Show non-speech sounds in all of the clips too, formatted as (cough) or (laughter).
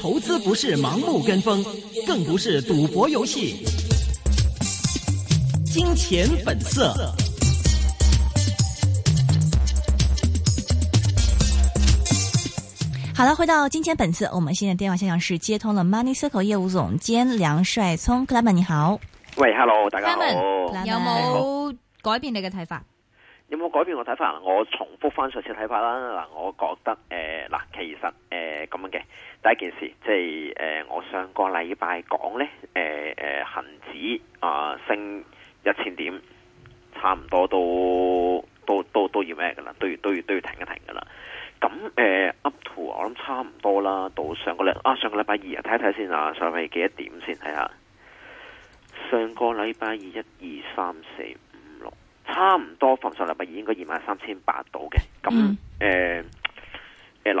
投資不是盲目跟風，更不是賭博遊戲。金錢本色。好了，回到金錢本色，我們現在電話線上是接通了 Money Circle 業務總監梁帥聰，Clement 你好。喂，Hello，大家好。Clement 有冇改變你嘅睇法？有冇改變我睇法？我重複翻上次睇法啦。嗱，我覺得誒，嗱、呃，其實誒咁、呃、樣嘅第一件事，即係誒我上個禮拜講咧，誒、呃、誒、呃、恒指啊、呃、升一千點，差唔多到都都都都要咩嘅啦，都要都要都要，都要停一停噶啦。咁誒、呃、up 圖我諗差唔多啦，到上個禮啊上個禮拜二啊，睇一睇先啊，上個禮拜二幾多點先係啊？上個禮拜二一二三四。差唔多放上禮拜二應該二萬三千八到嘅，咁誒誒嗱，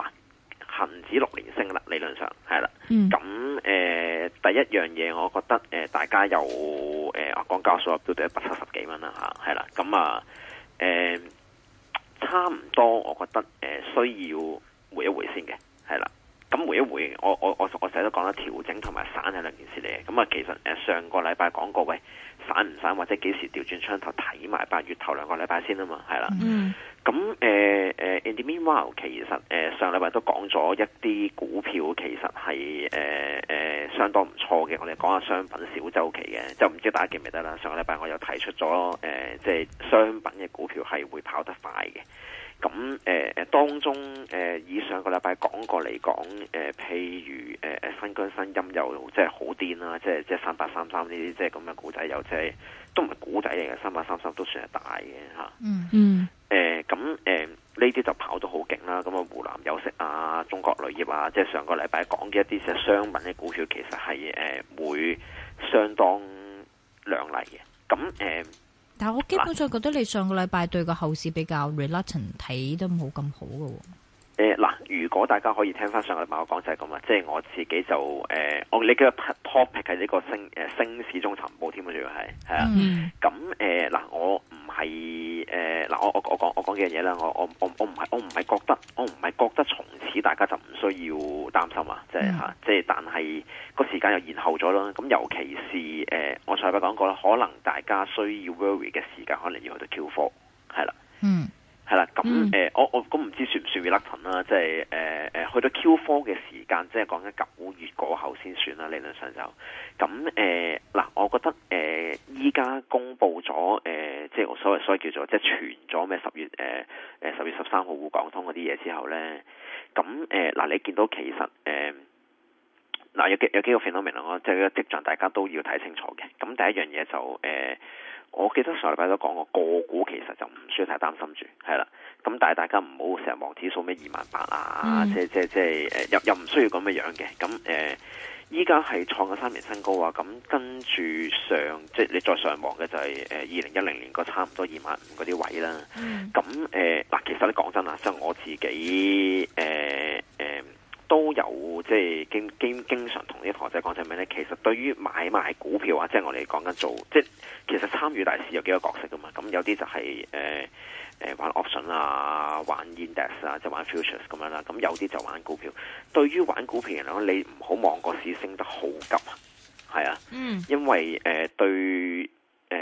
恒、mm. 呃呃、指六年升啦，理論上係啦，咁誒、mm. 呃、第一樣嘢，我覺得誒、呃、大家有誒講教數啊，都對一百七十幾蚊啦吓，係、嗯、啦，咁啊誒差唔多，我覺得誒、呃、需要回一回先嘅，係啦。咁每一回，我我我我成日都講啦，調整同埋散係兩件事嚟嘅。咁啊，其實誒上個禮拜講過，喂，散唔散或者幾時調轉窗台調轉槍頭睇埋，八月頭兩個禮拜先啊嘛，係啦。嗯。咁誒誒，in the meanwhile，其實誒、呃、上禮拜都講咗一啲股票，其實係誒誒相當唔錯嘅。我哋講下商品小周期嘅，就唔知大家記唔記得啦。上個禮拜我又提出咗，誒、呃、即係商品嘅股票係會跑得快嘅。咁誒誒，當中誒、呃、以上個禮拜講過嚟講，誒、呃、譬如誒誒、呃、新疆新音又即係好癲啦，即係、啊、即係三八三三呢啲即係咁嘅股仔，又即係都唔係股仔嚟嘅，三八三三都算係大嘅嚇。嗯、啊、嗯，誒咁誒呢啲就跑得好勁啦。咁啊，湖南有色啊，中國鋁業啊，即係上個禮拜講嘅一啲商品嘅股票，其實係誒、呃、會相當亮麗嘅。咁誒。呃但我基本上覺得你上個禮拜對個後市比較 reluctant 睇都冇咁好嘅。誒嗱，如果大家可以聽翻上個禮拜我講就係咁啊，即、就、係、是、我自己就誒、呃嗯呃，我你嘅 topic 係呢個升誒升市中尋寶添啊，仲要係係啊，咁誒嗱，我唔係誒嗱，我我我講我講幾樣嘢啦，我我我我唔係我唔係覺得我唔係覺得從此大家就唔需要擔心、就是嗯、啊，即係嚇，即係但係個時間又延後咗啦，咁尤其是誒、呃，我上個禮拜講過啦，可能大家需要 worry 嘅時間可能要去到 Q4，係啦、嗯。係啦，咁誒、嗯，我我都唔知算唔算 relatton 啦，即係誒誒，去到 Q4 嘅時間，即係講緊九月過後先算啦，理論上就，咁誒嗱，我覺得誒依家公布咗誒，即係我所謂所謂叫做即係傳咗咩十月誒誒十月十三號滬港通嗰啲嘢之後咧，咁誒嗱，你見到其實誒。嗱，有幾有幾個 phenomenon 咯，即係個跡象，大家都要睇清楚嘅。咁第一樣嘢就誒，我記得上個禮拜都講過，個股其實就唔需要太擔心住，係啦。咁但係大家唔好成日望指數咩二萬八啊，即即即係誒，又又唔需要咁嘅樣嘅。咁誒，依家係創咗三年新高啊！咁跟住上，即係你再上望嘅就係誒二零一零年個差唔多二萬五嗰啲位啦。咁誒，嗱，其實你講真啊，即係我自己誒。都有即係經經經常同啲同學仔講，就係咩咧？其實對於買賣股票啊，即係我哋講緊做，即係其實參與大市有幾個角色噶嘛。咁有啲就係誒誒玩 option 啊，玩，玩 index 啊，即係玩 futures 咁樣啦。咁有啲就玩股票。對於玩股票人嚟講，你唔好望個市升得好急啊。係啊，嗯，因為誒、呃、對誒、呃、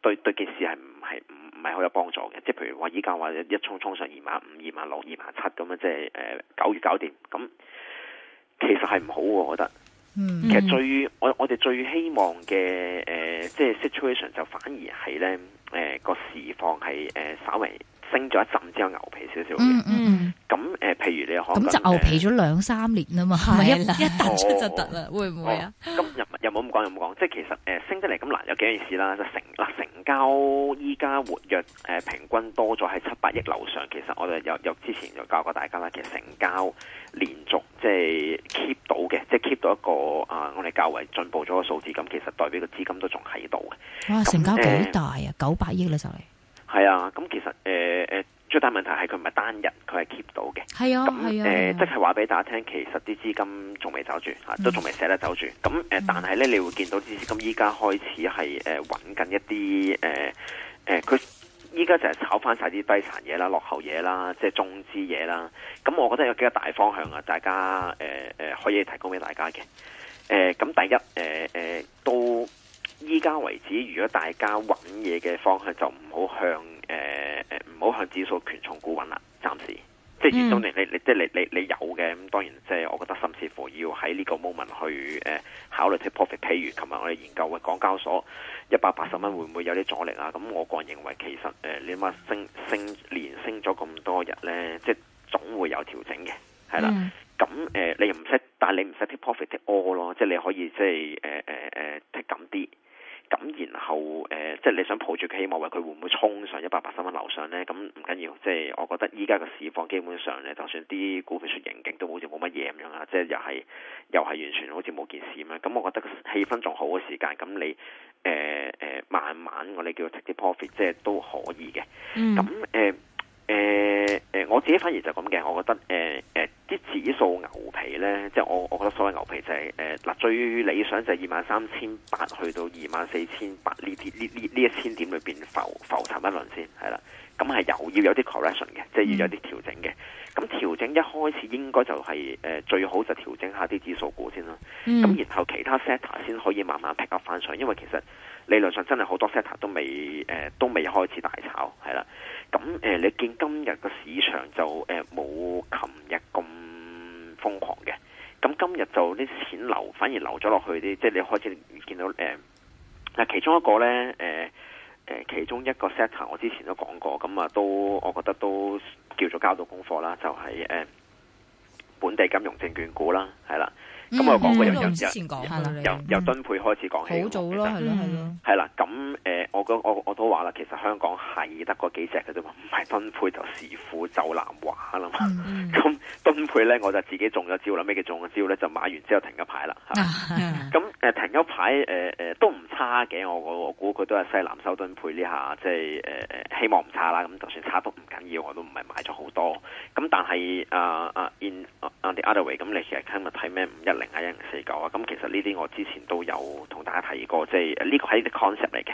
對對件事係唔係唔。係好有幫助嘅，即係譬如話依家話一一衝衝上二萬五、二萬六、二萬七咁樣，即係誒九月搞掂，咁其實係唔好，我覺得。其實最我我哋最希望嘅誒，即係 situation 就反而係咧誒個時況係誒稍微升咗一陣之後牛皮少少。嗯咁誒，譬、嗯嗯呃、如你又可咁就牛皮咗兩三年啊嘛，唔係一一彈出就得啦、哦，會唔會啊？今日。又冇咁講，又冇講，即係其實誒、呃、升得嚟咁難，有幾樣事啦。就成啦成交依家活躍誒、呃、平均多咗喺七百億樓上，其實我哋有又之前就教過大家啦，其實成交連續即係 keep 到嘅，即係 keep 到，到一個啊、呃，我哋較為進步咗個數字。咁其實代表個資金都仲喺度嘅。哇！成交幾大啊？九百億啦就係。係啊，咁其實誒誒。呃呃最大問題係佢唔係單日，佢係 keep 到嘅。係啊，係那啊。呃、啊即係話俾大家聽，其實啲資金仲未走住，嚇、嗯、都仲未捨得走住。咁誒，呃嗯、但係咧，你會見到啲資金依家開始係誒揾緊一啲誒誒，佢依家就係炒翻晒啲低殘嘢啦、落後嘢啦、即係中資嘢啦。咁我覺得有幾個大方向啊，大家誒誒、呃呃、可以提供俾大家嘅。誒、呃、咁，第一誒誒，到依家為止，如果大家揾嘢嘅方向就唔好向。誒誒，唔好向指數權重股揾啦，暫時，即係始終你、mm. 你你即係你你你有嘅，咁當然即係我覺得，甚至乎要喺呢個 moment 去誒考慮 take profit。譬如琴日我哋研究嘅港交所一百八十蚊會唔會有啲阻力啊？咁我個人認為，其實誒、呃、你諗下升升連升咗咁多日咧，即係總會有調整嘅，係啦。咁誒，你又唔使，但係你唔 take profit take all 咯，即係你可以即係誒誒誒 take 咁啲。呃呃咁然後誒、呃，即係你想抱住佢，希望話佢會唔會衝上一百八十蚊樓上咧？咁唔緊要緊，即係我覺得依家個市況基本上咧，就算啲股票出盈警，都好似冇乜嘢咁樣啊！即係又係又係完全好似冇件事咁啊！咁我覺得氣氛仲好嘅時間，咁你誒誒、呃呃、慢慢我哋叫做 take the profit，即係都可以嘅。咁誒、嗯。誒誒、呃，我自己反而就咁嘅，我覺得誒誒，啲、呃呃、指數牛皮咧，即係我我覺得所謂牛皮就係誒嗱，最理想就係二萬三千八去到二萬四千八呢啲呢呢呢一千點裏邊浮浮沉一輪先係啦，咁係有要有啲 correction 嘅，即係要有啲調整嘅，咁調、嗯、整一開始應該就係、是、誒、呃、最好就調整下啲指數股先啦，咁、嗯、然後其他 sector 先可以慢慢 pick up 翻上，因為其實理論上真係好多 sector 都未誒、呃、都未開始大炒係啦。咁誒、呃，你見今日個市場就誒冇琴日咁瘋狂嘅，咁今日就啲錢流反而流咗落去啲，即係你開始見到誒。嗱、呃，其中一個咧，誒、呃、誒、呃，其中一個 sector 我之前都講過，咁啊，都我覺得都叫做交到功課啦，就係、是、誒、呃、本地金融證券股啦，係啦。咁我講過又又又由由敦佩開始講起，好早咯，係咯係咯，係啦。咁誒，我我我都話啦，其實香港係得嗰幾隻嘅啫嘛，唔係敦佩就時富就南華啦嘛。咁敦佩咧，我就自己中咗招啦。咩叫中咗招咧？就買完之後停咗牌啦。咁誒停咗牌，誒誒都唔差嘅。我我估佢都係西南收敦佩呢下，即係誒誒希望唔差啦。咁就算差都唔緊要，我都唔係買咗好多。咁但係啊啊 in the other way，咁你其實聽日睇咩五一零？一四九啊，咁其實呢啲我之前都有同大家提過，即係呢個係啲 concept 嚟嘅，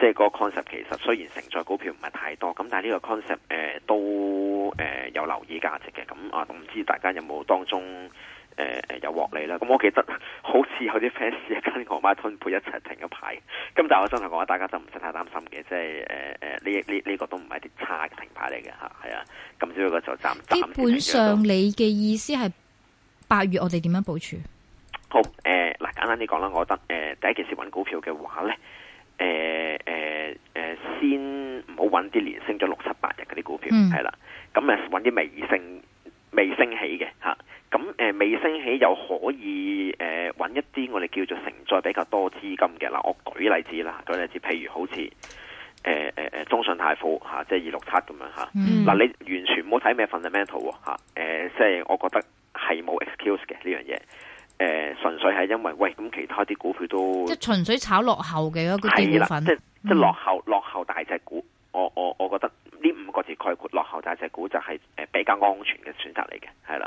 即係個 concept 其實雖然承載股票唔係太多，咁但係呢個 concept 誒都誒有留意價值嘅，咁啊唔知大家有冇當中誒誒有獲利啦？咁我記得好似有啲 fans 跟我買吞配一齊停咗牌，咁但係我真係講話，大家就唔使太擔心嘅，即係誒誒呢呢呢個都唔係啲差嘅停牌嚟嘅吓，係啊，咁少以個就暫暫。基本上，你嘅意思係？八月我哋點樣部署？好誒，嗱、呃、簡單啲講啦，我覺得誒、呃，第一件事揾股票嘅話咧，誒誒誒，先唔好揾啲連升咗六七八日嗰啲股票，係、嗯、啦，咁啊揾啲微升未升起嘅吓，咁、啊、誒、啊、未升起又可以誒揾、啊、一啲我哋叫做承載比較多資金嘅嗱，我舉例子啦，舉例子，譬如好似誒誒誒，中信泰富吓，即係二六七咁樣吓，嗱、啊嗯啊、你完全唔好睇咩 fundamental 吓、啊，誒即係我覺得。係冇 excuse 嘅呢樣嘢，誒、這個呃，純粹係因為喂，咁其他啲股票都即係純粹炒落後嘅一個成分。即係落後落後大隻股，我我我覺得呢五個字概括落後大隻股就係誒比較安全嘅選擇嚟嘅，係啦。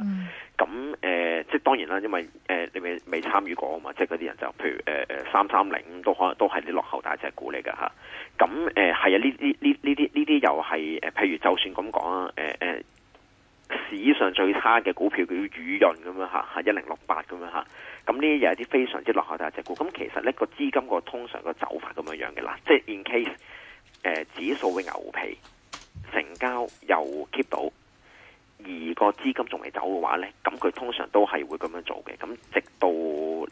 咁誒、 (noise) 呃，即係當然啦，因為誒、呃、你未未參與過啊嘛，即係嗰啲人就譬如誒誒三三零都可能都係啲落後大隻股嚟噶吓。咁誒係啊，呢呢呢呢啲呢啲又係誒，譬如就算咁講啊，誒誒。史上最差嘅股票叫雨潤咁樣吓，係一零六八咁樣吓，咁呢啲又一啲非常之落後大隻股。咁其實呢個資金個通常個走法咁樣樣嘅啦，即係 in case 誒、呃、指數嘅牛皮，成交又 keep 到，而個資金仲未走嘅話呢，咁佢通常都係會咁樣做嘅，咁直到。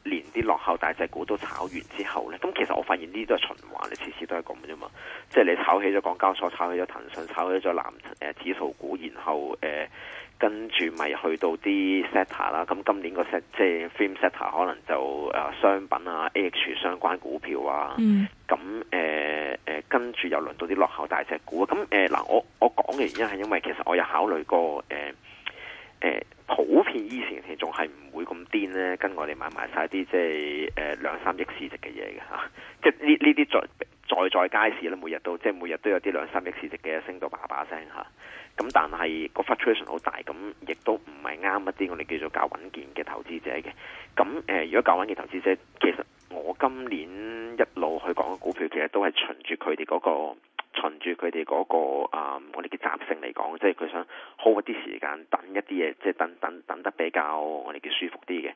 連啲落後大隻股都炒完之後呢，咁其實我發現呢啲都係循環，你次次都係咁啫嘛。即係你炒起咗港交所，炒起咗騰訊，炒起咗藍誒、呃、指數股，然後誒、呃、跟住咪去到啲 sector 啦、啊。咁今年個 sector 即係 film sector 可能就誒商品啊、AH 相關股票、嗯、啊。咁誒誒跟住又輪到啲落後大隻股。咁誒嗱，我我講嘅原因係因為其實我有考慮過誒。呃誒，普遍以前係仲係唔會咁癲咧，跟我哋買埋晒啲即係誒兩三億市值嘅嘢嘅吓，即係呢呢啲在在在街市咧，每日都即係每日都有啲兩三億市值嘅嘢升到叭叭聲吓，咁、啊、但係、個 fluctuation 好大，咁亦都唔係啱一啲我哋叫做較穩健嘅投資者嘅，咁、啊、誒、呃、如果較穩健投資者，其實我今年一路去講嘅股票，其實都係循住佢哋嗰個。循住佢哋嗰個啊、呃，我哋嘅習性嚟講，即係佢想耗一啲時間等一啲嘢，即係等等等得比較、哦、我哋嘅舒服啲嘅。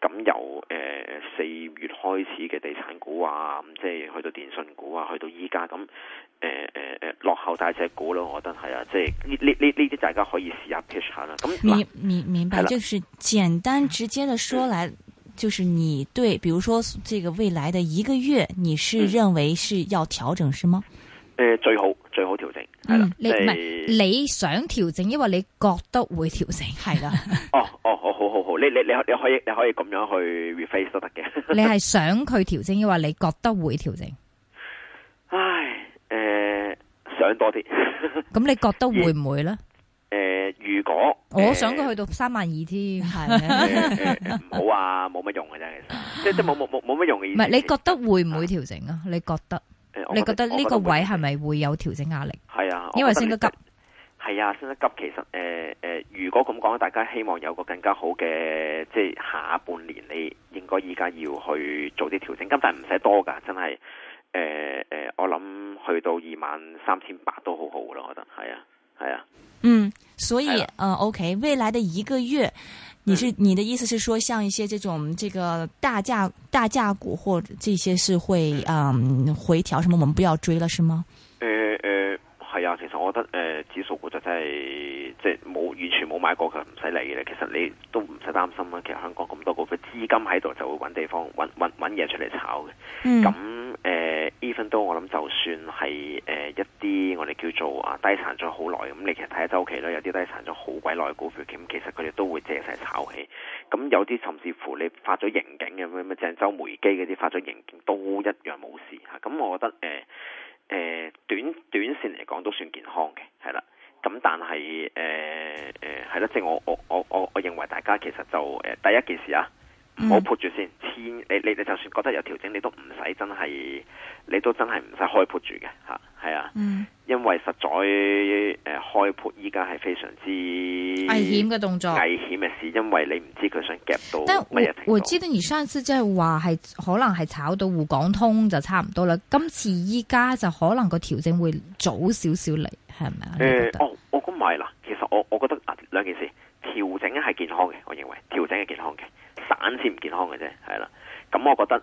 咁、嗯、由誒四、呃、月開始嘅地產股啊，咁即係去到電信股啊，去到依家咁誒誒誒落後大隻股咯、啊，我覺得係啊，即係呢呢呢呢啲大家可以試下 pitch 下啦。咁、嗯、明明明白，是啦就是簡單直接嘅說來，嗯、就是你對，比如說這個未來的一個月，你是認為是要調整是嗎？誒，最好最好調整，係啦。你唔係你想調整，因為你覺得會調整，係啦。哦哦，好好好好，你你你你可以你可以咁樣去 reface 都得嘅。你係想佢調整，抑或你覺得會調整？唉，誒，想多啲。咁你覺得會唔會咧？誒，如果我想佢去到三萬二添，係咪？唔好啊，冇乜用嘅啫，其實即係都冇冇冇冇乜用嘅意思。唔係你覺得會唔會調整啊？你覺得？你覺得呢個位係咪會有調整壓力？係啊，因為升得急。係啊，升得急其實誒誒、呃呃，如果咁講，大家希望有個更加好嘅，即係下半年你應該依家要去做啲調整，但係唔使多噶，真係誒誒，我諗去到二萬三千八都好好噶啦，我覺得係啊係啊。啊嗯，所以誒、啊呃、，OK，未來的一個月。你是你的意思是說，像一些這種這個大價大價股或這些是會嗯回調，什麼我們不要追了，是嗎？誒誒係啊，其實我覺得誒、呃、指數股就真係即係冇完全冇買過佢唔使理嘅，其實你都唔使擔心啊。其實香港咁多個嘅資金喺度，就會搵地方搵搵搵嘢出嚟炒嘅，咁、嗯。誒、yeah. tampoco uh, even 都我諗就算係誒一啲我哋叫做啊低殘咗好耐咁，你其實睇下週期咧，有啲低殘咗好鬼耐股票，咁其實佢哋都會借勢炒起。咁有啲甚至乎你發咗盈警嘅咩咩，鄭州煤機嗰啲發咗盈警都一樣冇事嚇。咁我覺得誒誒短短線嚟講都算健康嘅，係啦。咁但係誒誒係啦，即係我我我我我認為大家其實就誒第一件事啊。唔好潑住先，千你你你就算覺得有調整，你都唔使真係，你都真係唔使開潑住嘅吓，係啊，嗯、因為實在誒、呃、開潑依家係非常之危險嘅動作，危險嘅事，因為你唔知佢想夾到乜嘢程度。但係我，我知得你上次即係話係可能係炒到滬港通就差唔多啦，今次依家就可能個調整會早少少嚟，係咪啊？誒、欸哦，我我咁唔係啦，其實我我覺得啊兩件事，調整係健康嘅，我認為調整係健康嘅。散先唔健康嘅啫，係啦。咁、嗯、我覺得，誒、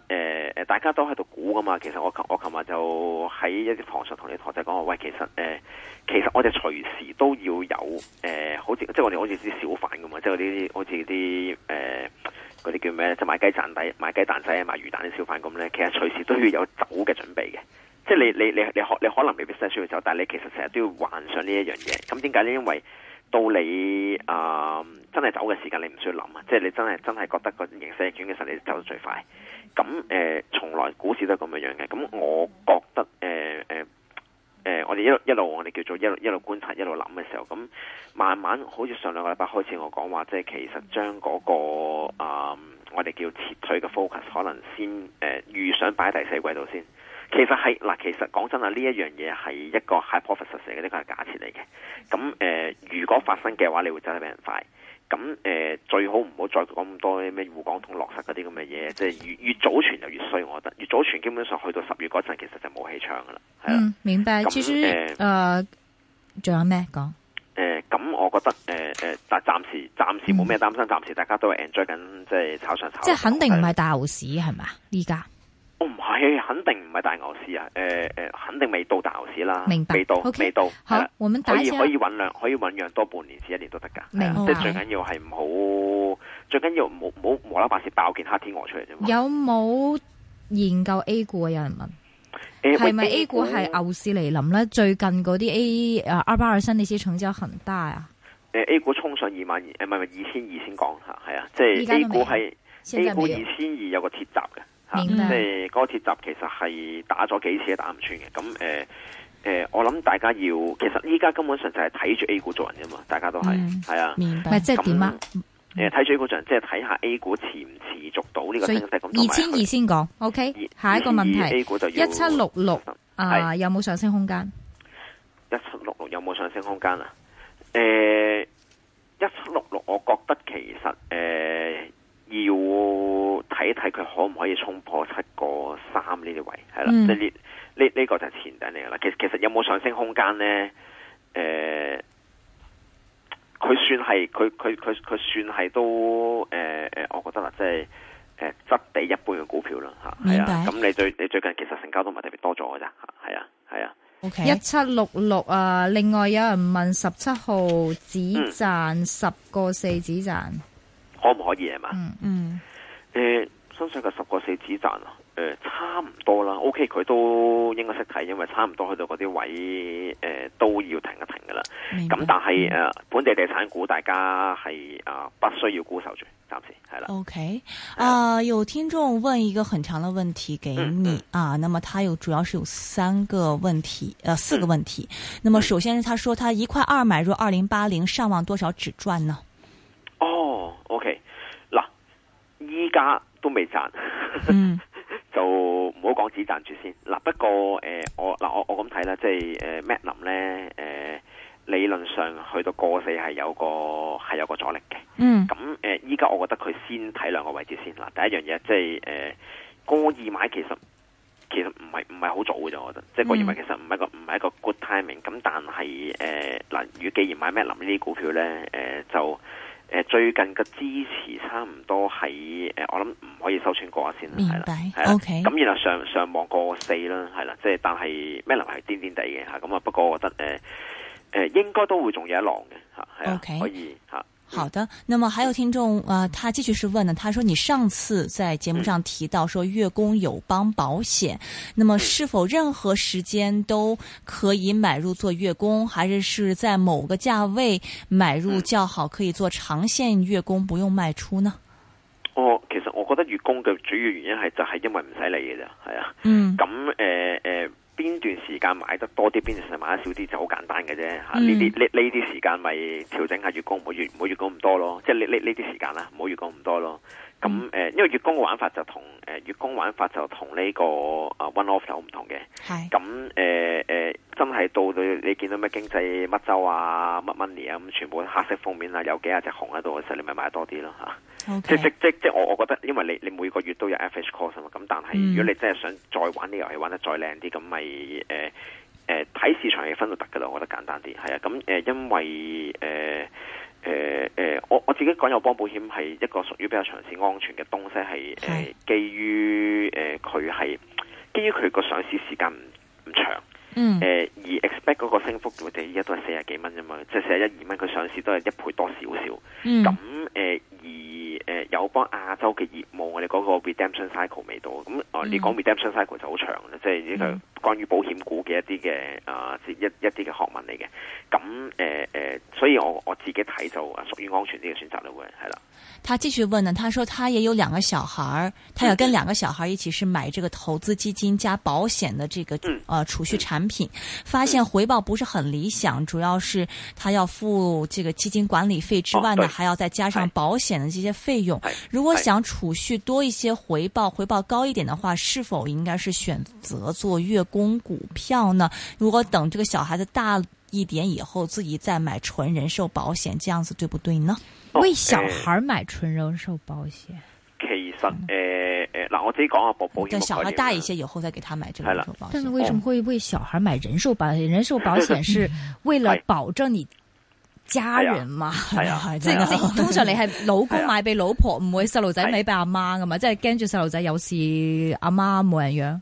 呃、誒，大家都喺度估㗎嘛。其實我我琴日就喺一啲堂上同啲同學仔講話，喂，其實誒、呃，其實我哋隨時都要有誒、呃，好似即係我哋好似啲小販咁嘛，即係啲好似啲誒嗰啲叫咩，即係賣雞蛋仔、賣雞蛋仔、賣魚蛋啲小販咁咧。其實隨時都要有走嘅準備嘅，即係你你你你可你，你可能未必真係出去走，但係你其實成日都要幻想呢一樣嘢。咁點解咧？因為到你啊、呃，真係走嘅時間，你唔需要諗啊！即係你真係真係覺得個形勢轉嘅時候，你走得最快。咁誒、呃，從來股市都係咁樣樣嘅。咁我覺得誒誒誒，我哋一一路，一路我哋叫做一路一路觀察一路諗嘅時候，咁慢慢好似上兩個禮拜開始我，我講話即係其實將嗰、那個啊、呃，我哋叫撤退嘅 focus，可能先誒預想擺第四季度先。其實係嗱，其實講真啊，呢一樣嘢係一個係 hypothesis 嘅，呢個係假設嚟嘅。咁誒、呃，如果發生嘅話，你會走得比人快。咁誒、呃，最好唔好再講咁多咩滬港通落實嗰啲咁嘅嘢。即、就、係、是、越越早傳就越衰，我覺得越早傳，基本上去到十月嗰陣，其實就冇戲唱噶啦。係啦、嗯，明白。其實誒，仲、呃、有咩講？誒，咁、呃、我覺得誒誒、呃，但暫時暫時冇咩擔心，暫、嗯、時大家都 enjoy 緊，即、就、係、是、炒上炒上。嗯、即係肯定唔係大牛市，係嘛？依家。肯定唔係大牛市啊！誒誒，肯定未到大牛市啦，未到未到。好，我可以可以醞釀，可以醞釀多半年至一年都得噶。明白，即係最緊要係唔好，最緊要唔好唔好無啦啦，把事爆件黑天鵝出嚟啫。有冇研究 A 股啊？有人問，係咪 A 股係牛市嚟臨咧？最近嗰啲 A 誒阿里巴巴新啲市成交很大啊！誒，A 股衝上二萬，二，唔係二千二先講吓，係啊，即係 A 股係 A 股二千二有個鐵閘嘅。即係嗰個鐵閘其實係打咗幾次都打唔穿嘅，咁誒誒，我諗大家要，其實依家根本上就係睇住 A 股做人嘅嘛，大家都係係、嗯、啊，明白。那即係點啊？誒、呃，睇住 A 股做人，即係睇下 A 股持唔持續到呢個升勢咁。二千二先講且，OK。下一個問題，A 股就要一七六六啊，有冇上升空間？一七六六有冇上升空間啊？誒、呃，一七六六，我覺得其實誒、呃、要。睇一睇佢可唔可以衝破七個三呢啲位係啦，即係呢呢呢個就係前景嚟噶啦。其實其實有冇上升空間咧？誒、呃，佢算係佢佢佢佢算係都誒誒、呃，我覺得啦，即係誒質地一般嘅股票啦，吓。係啊，咁白你最你最近其實成交都唔係特別多咗噶咋？係啊係啊。O K，一七六六啊，另外有人問十七號止賺十個四止賺可唔可以啊？嘛、嗯，嗯。誒、呃，相信個十個四止賺啊，誒、呃，差唔多啦。O K，佢都應該識睇，因為差唔多去到嗰啲位誒、呃、都要停一停噶啦。咁白但係誒、呃、本地地產股，大家係啊、呃、不需要固守住，白暫時係啦。O K，啊有聽眾問一個很長嘅問題給你、嗯嗯、啊，那麼他有主要是有三個問題，誒、呃嗯、四個問題。那麼首先是他說，他一塊二買入二零八零，上望多少止賺呢？哦，O K。哦 okay. 依家都未賺， (laughs) 就唔好講止賺住先。嗱、啊，不過誒、呃，我嗱、呃、我我咁睇啦，即係誒，麥、呃、林咧誒、呃，理論上去到過四係有個係有個阻力嘅。嗯，咁誒、啊，依家我覺得佢先睇兩個位置先。嗱、啊，第一樣嘢即係誒，過、呃、二買其實其實唔係唔係好早嘅啫，我覺得。即係過二買其實唔係一個唔係一個 good timing。咁但係誒，嗱、呃，如果既然買麥林呢啲股票咧，誒、呃呃、就。呃誒最近嘅支持差唔多喺，誒，我諗唔可以收穿過下先啦，係啦，OK。咁然後上上望過四啦，係啦，即係但係咩嚟？係顛顛地嘅嚇，咁啊不過我覺得誒誒、呃、應該都會仲有一浪嘅嚇，係啊 OK，可以嚇。好的，那麼還有聽眾啊、呃，他繼續是問呢，他說你上次在節目上提到說月供友邦保險，嗯、那麼是否任何時間都可以買入做月供，還是是在某個價位買入較好，可以做長線月供不用賣出呢？哦，其實我覺得月供嘅主要原因係就係因為唔使理嘅咋，係啊，嗯，咁誒誒。呃呃邊段時間買得多啲，邊段時間買得少啲就好簡單嘅啫。吓、啊，呢啲呢呢啲時間咪調整下月供，唔好月唔好月供咁多咯。即係呢呢呢啲時間啦，唔好月供咁多咯。咁誒，嗯嗯、因為月供嘅玩法就同誒、呃、月供玩法就同呢個啊 one off 有唔同嘅。係是。咁誒誒，真係到你你見到咩經濟乜周啊乜 money 啊咁，全部黑色封面啊，有幾隻紅啊隻熊喺度嘅時候，你咪買得多啲咯嚇。即即即即我我覺得，因為你你每個月都有 average cost 啊嘛。咁但係如果你真係想再玩啲遊戲，玩得再靚啲，咁咪誒誒睇市場嘅分就得㗎喇。我覺得簡單啲係啊。咁誒，因為誒。呃誒誒，我、呃呃、我自己講友邦保險係一個屬於比較長線安全嘅東西，係、就、誒、是呃、基於誒佢係基於佢個上市時間唔唔長，誒、嗯呃、而 expect 嗰個升幅佢哋依家都係四十幾蚊啫嘛，即、就、係、是、四十一二蚊，佢上市都係一倍多少少，咁誒、嗯呃、而誒友邦亞洲嘅業務我哋嗰個 redemption cycle 未到，咁啊你講 redemption cycle 就好長啦，即係呢個。嗯關於保險股嘅一啲嘅啊，一一啲嘅學問嚟嘅，咁誒誒，所以我我自己睇就屬於安全啲嘅選擇咯喎，係啦。他繼續問呢，他說他也有兩個小孩，他要跟兩個小孩一起是買這個投資基金加保險的這個啊儲、嗯呃、蓄產品，發現回報不是很理想，主要是他要付這個基金管理費之外呢，啊、還要再加上保險的這些費用。如果想儲蓄多一些回報，回報高一點的話，是否應該是選擇做月供股票呢？如果等這個小孩子大一點以後，自己再買純人壽保險，這樣子對不對呢？為小孩買純人壽保險，其實誒誒嗱，我自己講下保保險。等小孩大一些以後再給他買這個保險。但是為什麼會為小孩買人壽保險？人壽保險？是為了保證你家人嘛？係啊，即係通常你係老公買俾老婆，唔會細路仔買俾阿媽㗎嘛？即係驚住細路仔有事阿媽冇人養。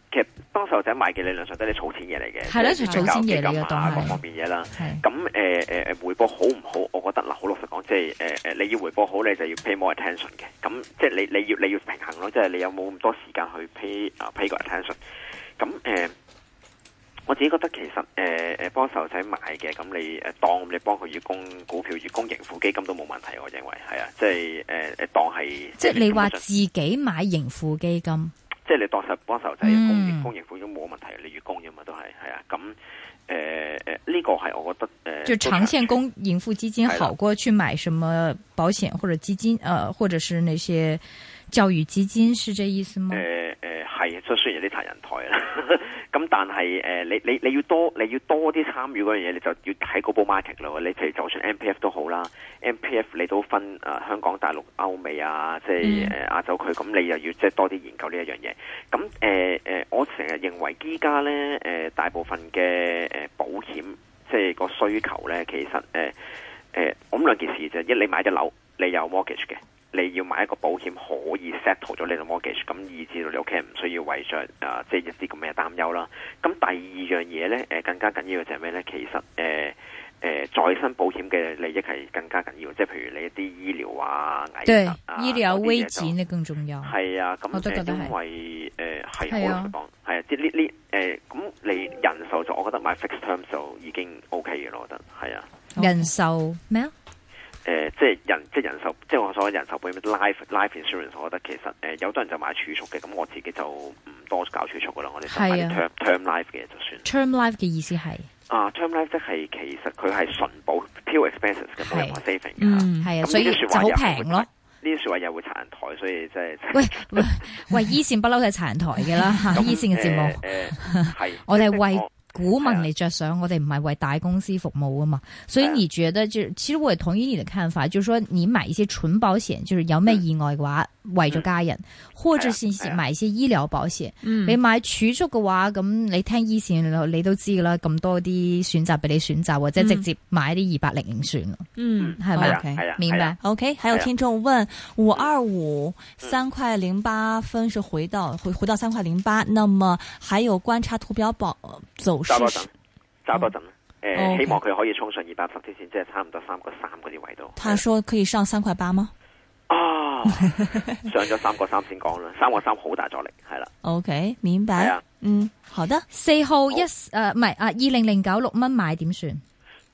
其實幫細路仔買嘅理論上都係儲錢嘢嚟嘅，係咧儲錢嘢嚟嘅，當啊的，各方面嘢啦。咁誒誒誒，回報好唔好？我覺得嗱，好老實講，即係誒誒，你要回報好，你就要 pay more attention 嘅。咁即係你你要你要平衡咯，即係你有冇咁多時間去 pay 啊 pay 個 attention？咁誒、呃，我自己覺得其實誒誒幫細路仔買嘅，咁你誒當你幫佢月供股票、月供盈富基金都冇問題，我認為係啊，即係誒誒當係。即係是你話自己買盈富基金。即係你當時幫細路仔供盈供盈富都冇問題，嗯、你月供啫嘛，都係係啊。咁誒誒，呢、呃這個係我覺得誒，呃、就長線供盈富基金好過去買什麼保險或者基金，誒的、呃，或者是那些。教育基金是這意思嗎？誒誒係，所、呃、以雖然有啲抬人台啦，咁但係誒、呃、你你你要多你要多啲參與嗰樣嘢，你就要睇嗰部 market 咯。你譬如就算 M P F 都好啦，M P F 你都分誒、呃、香港、大陸、歐美啊，即係亞、呃、洲區，咁你又要即係多啲研究呢一樣嘢。咁誒誒，我成日認為依家咧誒大部分嘅誒保險即係個需求咧，其實誒誒，咁、呃、兩、呃、件事就一你買咗樓，你有 mortgage 嘅。你要買一個保險可以 settle 咗你個 mortgage，咁以至到你屋企唔需要為着、呃，啊，即係一啲咁嘅擔憂啦。咁第二樣嘢咧，誒更加緊要嘅就係咩咧？其實誒誒在生保險嘅利益係更加緊要，即係譬如你一啲醫療啊、癌症啊、啊、醫療危險、啊，你更重要。係啊，咁因為誒係好難講，係、呃、啊，即呢呢誒咁你人壽就我覺得買 fixed term 就已經 OK 嘅，我覺得係啊。的人壽咩啊？ (laughs) (laughs) 誒，即係人，即係人壽，即係我所謂人壽保險。life life insurance，我覺得其實誒，有多人就買儲蓄嘅，咁我自己就唔多搞儲蓄嘅啦。我哋買 term life 嘅就算。term life 嘅意思係啊，term life 即係其實佢係純保 pure expenses 嘅，冇任何 saving。嗯，係啊，所以就好平咯。呢啲説話又會殘台？所以即係。喂喂喂，依線不嬲都係殘台嘅啦嚇，依線嘅節目。誒，係。我哋為股民嚟着想，啊、我哋唔係為大公司服務啊嘛，所以你覺得就，啊、其實我也同意你嘅看法，就是說你買一些純保險，就是有咩意外嘅話。嗯為咗家人，或者是買一些醫療保險，啊。你買儲蓄嘅話，咁你聽一線你都知啦，咁多啲選擇俾你選擇，或者直接買啲二百零零算。嗯，係咪？係啊，明白。OK，還有聽眾問：五二五三塊零八分是回到回回到三塊零八，那麼還有觀察圖表保走勢。揸多陣，誒，希望佢可以衝上二百十天線，即係差唔多三個三嗰啲位度。他說可以上三塊八嗎？啊！ (laughs) 上咗三個三先講啦，三個三好大阻力，係啦。O K，明白。啊的，嗯，好的。四號一，誒好，唔係啊，二零零九六蚊買點算？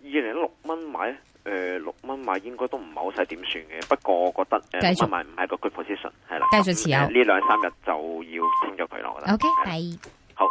二零六蚊買，誒，六蚊買應該都唔係好使，點算嘅？不過我覺得，繼、uh, 續買唔係個 good position，係啦。繼續持有呢、嗯 uh, 兩三日就要清咗佢咯，我覺得。O K，係好。